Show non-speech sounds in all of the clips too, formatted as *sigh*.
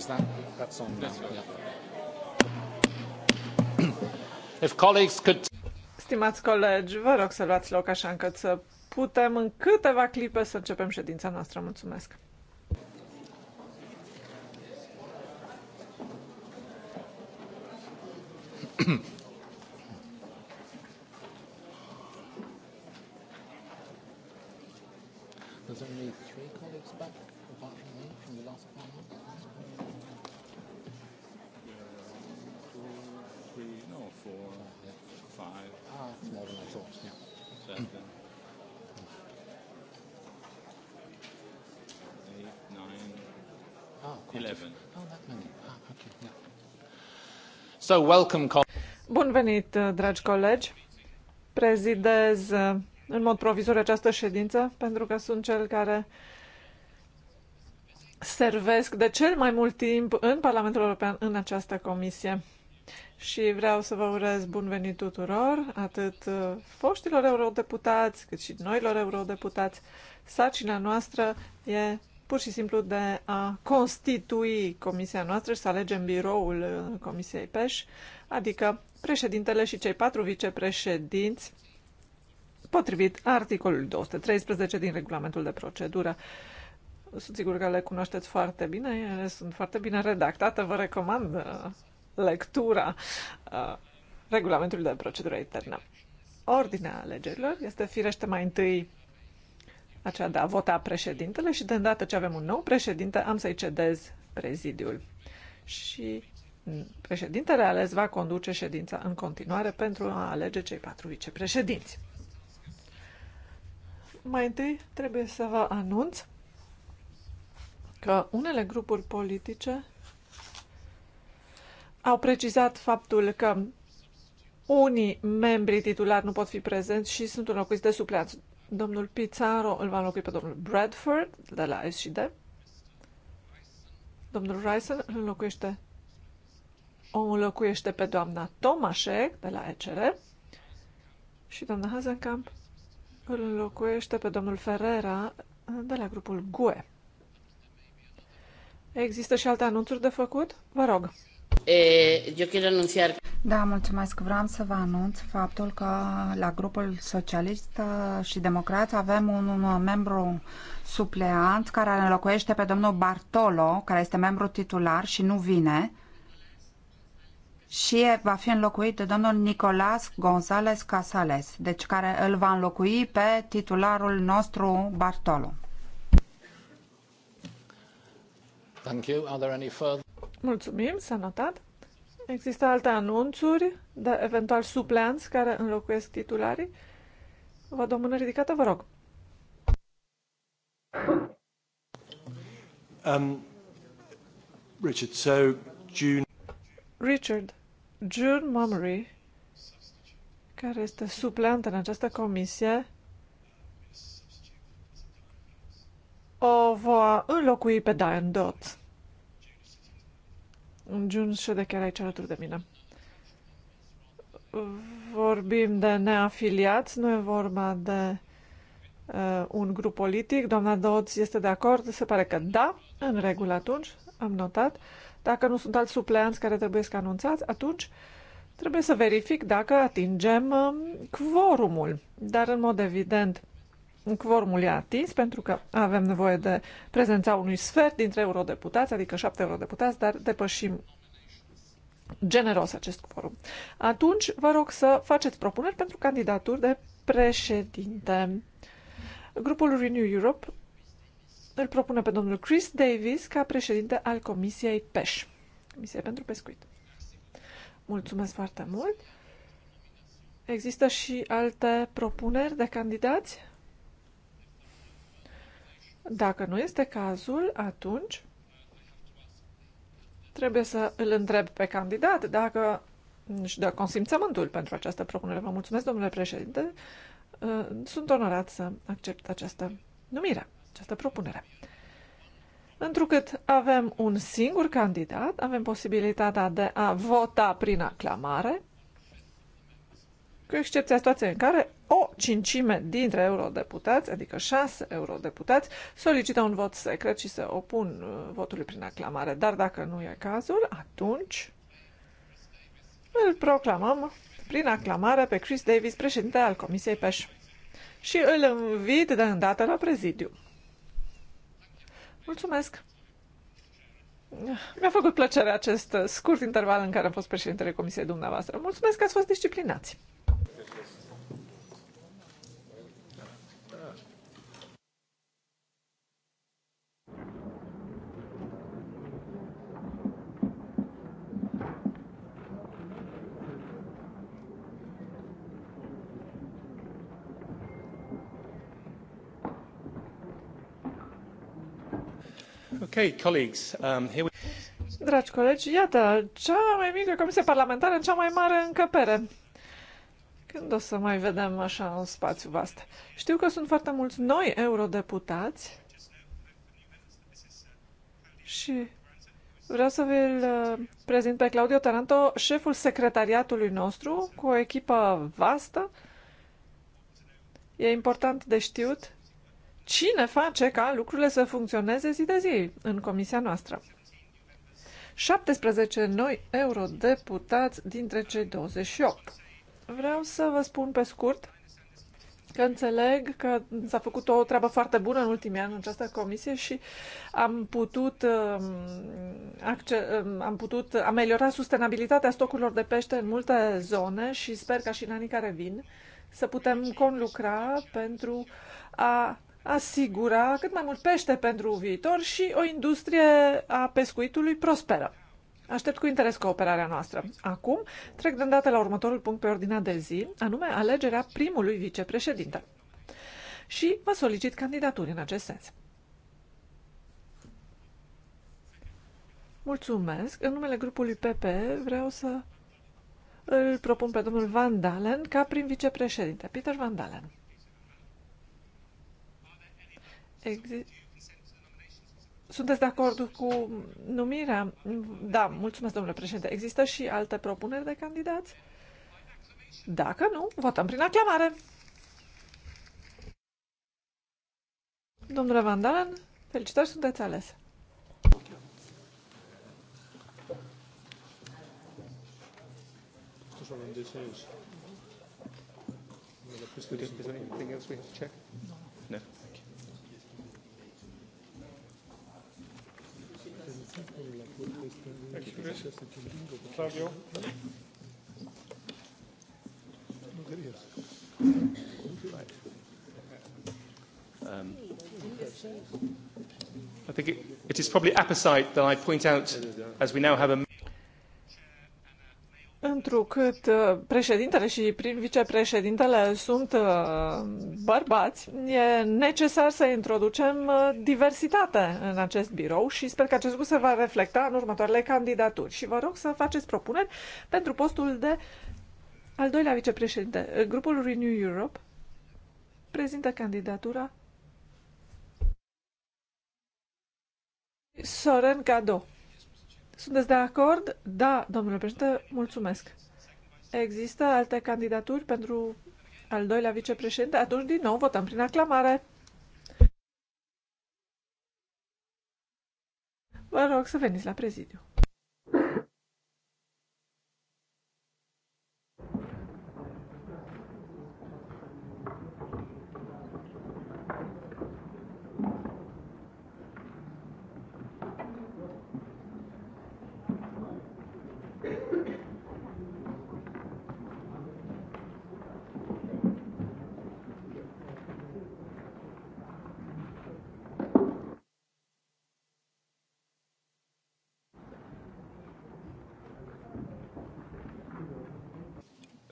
Is that that's *clears throat* If colleagues could... Stimați colegi, vă rog să luați loc așa încât să putem în câteva clipe să începem ședința noastră. Mulțumesc! There's only three colleagues back, apart from me, from the last panel. two, three, no, four, yeah. five. Ah, more than I thought, yeah. Seven. Ah, Bun venit, dragi colegi. Prezidez uh, în mod provizor această ședință, pentru că sunt cel care servesc de cel mai mult timp în Parlamentul European în această comisie. Și vreau să vă urez bun venit tuturor, atât uh, foștilor eurodeputați, cât și noilor eurodeputați. Sarcina noastră e pur și simplu de a constitui comisia noastră și să alegem biroul uh, Comisiei PEș, adică președintele și cei patru vicepreședinți potrivit articolului 213 din regulamentul de procedură. Sunt sigur că le cunoașteți foarte bine, ele sunt foarte bine redactate, vă recomand uh, lectura uh, regulamentului de procedură internă. Ordinea alegerilor este firește mai întâi aceea de a vota președintele și de îndată ce avem un nou președinte am să-i cedez prezidiul. Și președintele ales va conduce ședința în continuare pentru a alege cei patru vicepreședinți. Mai întâi trebuie să vă anunț că unele grupuri politice au precizat faptul că unii membri titulari nu pot fi prezenți și sunt înlocuiți de supleanți. Domnul Pizarro îl va înlocui pe domnul Bradford de la SD. Domnul Ryson îl înlocuiește, o înlocuiește pe doamna Tomasek de la ECR și doamna Hazenkamp îl înlocuiește pe domnul Ferrera uh, de la grupul GUE. Există și alte anunțuri de făcut? Vă rog. Eu quiero anunțiar. Da, mulțumesc. Vreau să vă anunț faptul că la grupul socialist uh, și democrat avem un, un membru supleant care înlocuiește pe domnul Bartolo, care este membru titular și nu vine și va fi înlocuit de domnul Nicolas González Casales, deci care îl va înlocui pe titularul nostru Bartolo. Thank you. Are there any further... Mulțumim, s-a notat. Există alte anunțuri de eventual supleanți care înlocuiesc titularii? Vă dăm mână ridicată, vă rog. Um, Richard, so June... Richard, June Mummery, care este supleantă în această comisie, o va înlocui pe Diane Dot. June șede chiar aici alături de mine. Vorbim de neafiliați, nu e vorba de uh, un grup politic. Doamna Dodds este de acord? Se pare că da, în regulă atunci, am notat. Uh, dacă nu sunt alți supleanți care trebuie să anunțați, atunci trebuie să verific dacă atingem um, quorumul. Dar, în mod evident, quorumul e atins pentru că avem nevoie de prezența unui sfert dintre eurodeputați, adică șapte eurodeputați, dar depășim generos acest quorum. Atunci, vă rog să faceți propuneri pentru candidaturi de președinte. Grupul Renew Europe îl propune pe domnul Chris Davis ca președinte al Comisiei PESH. Comisia pentru Pescuit. Mulțumesc foarte mult! Există și alte propuneri de candidați? Dacă nu este cazul, atunci trebuie să îl întreb pe candidat dacă își dă consimțământul pentru această propunere. Vă mulțumesc, domnule președinte. Sunt onorat să accept această numire această propunere. Întrucât avem un singur candidat, avem posibilitatea de a vota prin aclamare, cu excepția situației în care o cincime dintre eurodeputați, adică șase eurodeputați, solicită un vot secret și se opun uh, votului prin aclamare. Dar dacă nu e cazul, atunci îl proclamăm prin aclamare pe Chris Davis, președinte al Comisiei PEș. Și îl invit de îndată la prezidiu. Mulțumesc! Mi-a făcut plăcere acest scurt interval în care am fost președintele Comisiei dumneavoastră. Mulțumesc că ați fost disciplinați! Okay, colleagues, um, here we... Dragi colegi, iată, cea mai mică comisie parlamentară în cea mai mare încăpere. Când o să mai vedem așa un spațiu vast? Știu că sunt foarte mulți noi eurodeputați și vreau să vi-l uh, prezint pe Claudio Taranto, șeful secretariatului nostru, cu o echipă vastă. E important de știut cine face ca lucrurile să funcționeze zi de zi în comisia noastră. 17 noi eurodeputați dintre cei 28. Vreau să vă spun pe scurt că înțeleg că s-a făcut o treabă foarte bună în ultimii ani în această comisie și am putut, um, um, am putut ameliora sustenabilitatea stocurilor de pește în multe zone și sper ca și în anii care vin să putem conlucra pentru a asigura cât mai mult pește pentru viitor și o industrie a pescuitului prosperă. Aștept cu interes cooperarea noastră. Acum trec de îndată la următorul punct pe ordinea de zi, anume alegerea primului vicepreședinte. Și vă solicit candidaturi în acest sens. Mulțumesc. În numele grupului PP vreau să îl propun pe domnul Van Dalen ca prim vicepreședinte. Peter Van Dalen. Exi- sunteți de acord cu numirea? Da, mulțumesc, domnule președinte. Există și alte propuneri de candidați? Dacă nu, votăm prin aclamare. Domnule Van Dalen, felicitări, sunteți ales. Is no. Claudio. Um, I think it, it is probably apposite that I point out, as we now have a Întrucât uh, președintele și prin vicepreședintele sunt uh, bărbați, e necesar să introducem uh, diversitate în acest birou și sper că acest lucru se va reflecta în următoarele candidaturi. Și vă rog să faceți propuneri pentru postul de al doilea vicepreședinte. Grupul Renew Europe prezintă candidatura Soren Cadou. Sunteți de acord? Da, domnule președinte, mulțumesc. Există alte candidaturi pentru al doilea vicepreședinte? Atunci, din nou, votăm prin aclamare. Vă rog să veniți la prezidiu.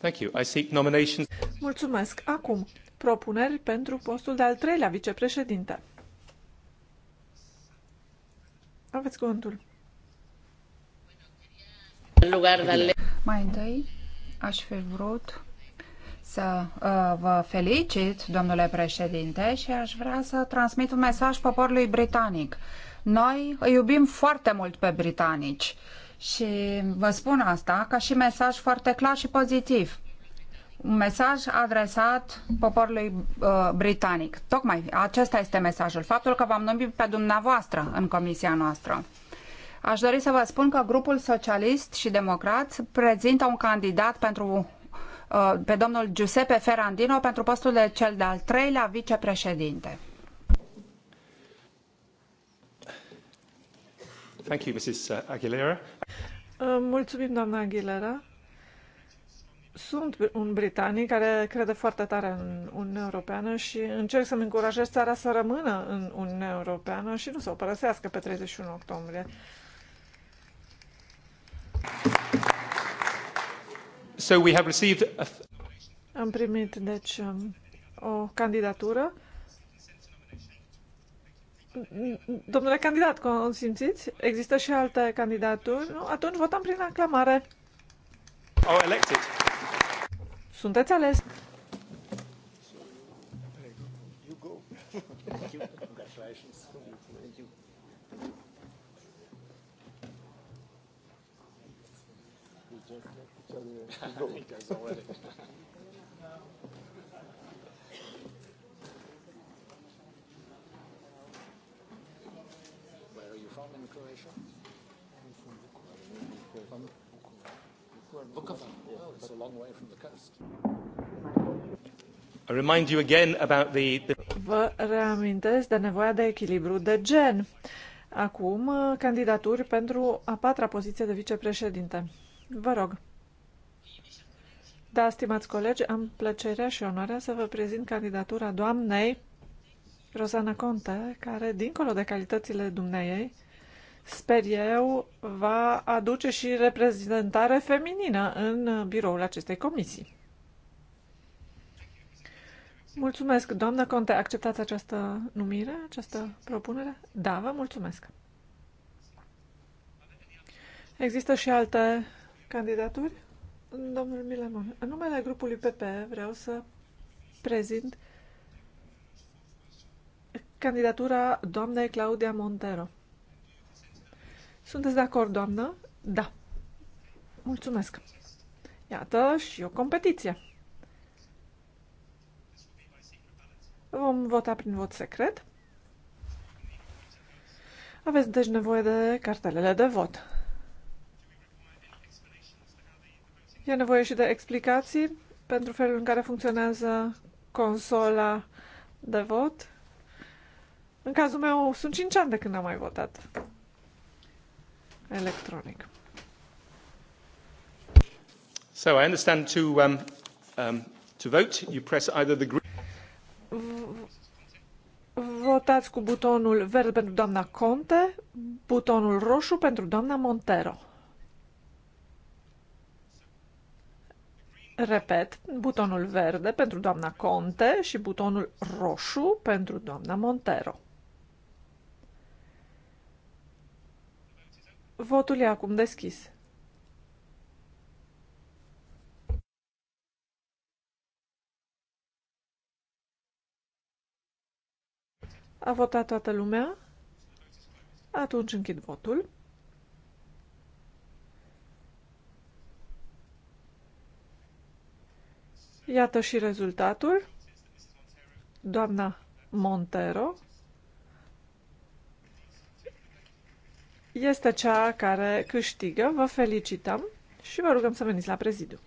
Thank you. I seek nominations. Mulțumesc. Acum, propuneri pentru postul de-al treilea vicepreședinte. Aveți cuvântul. Mai întâi, aș fi vrut să uh, vă felicit, domnule președinte, și aș vrea să transmit un mesaj poporului britanic. Noi îi iubim foarte mult pe britanici. Uh, și vă spun asta ca și mesaj foarte clar și pozitiv. Un mesaj adresat poporului uh, britanic. Tocmai acesta este mesajul. Faptul că v-am numit pe dumneavoastră în comisia noastră. Aș dori să vă spun că grupul socialist și democrat prezintă un candidat pentru uh, pe domnul Giuseppe Ferrandino pentru postul de cel de-al treilea vicepreședinte. Thank you, Mrs. Uh, Aguilera. Uh, mulțumim, doamna Aguilera. Sunt un britanic care crede foarte tare în Uniunea Europeană și încerc să-mi încurajez țara să rămână în Uniunea Europeană și nu să o părăsească pe 31 octombrie. So we have received a... Am primit, deci, um, o candidatură Domnule candidat, cum simțiți? Există și alte candidaturi? Nu? Atunci votăm prin aclamare. Oh, elected. Sunteți ales. *laughs* Vă reamintesc de nevoia de echilibru de gen. Acum, uh, candidaturi pentru a patra poziție de vicepreședinte. Vă rog. Da, stimați colegi, am plăcerea și onoarea să vă prezint candidatura doamnei Rosana Conte, care, dincolo de calitățile dumneiei, sper eu, va aduce și reprezentare feminină în biroul acestei comisii. Mulțumesc, doamnă Conte. Acceptați această numire, această propunere? Da, vă mulțumesc. Există și alte candidaturi? Domnul Milemon, în numele grupului PP vreau să prezint candidatura doamnei Claudia Montero. Sunteți de acord, doamnă? Da. Mulțumesc. Iată și o competiție. Vom vota prin vot secret. Aveți deci nevoie de cartelele de vot. E nevoie și de explicații pentru felul în care funcționează consola de vot. În cazul meu sunt 5 ani de când am mai votat electronic. So I understand to, um, um, to vote, you press either the Votați cu butonul verde pentru doamna Conte, butonul roșu pentru doamna Montero. Repet, butonul verde pentru doamna Conte și butonul roșu pentru doamna Montero. Votul e acum deschis. A votat toată lumea? Atunci închid votul. Iată și rezultatul. Doamna Montero este cea care câștigă. Vă felicităm și vă rugăm să veniți la prezidiu.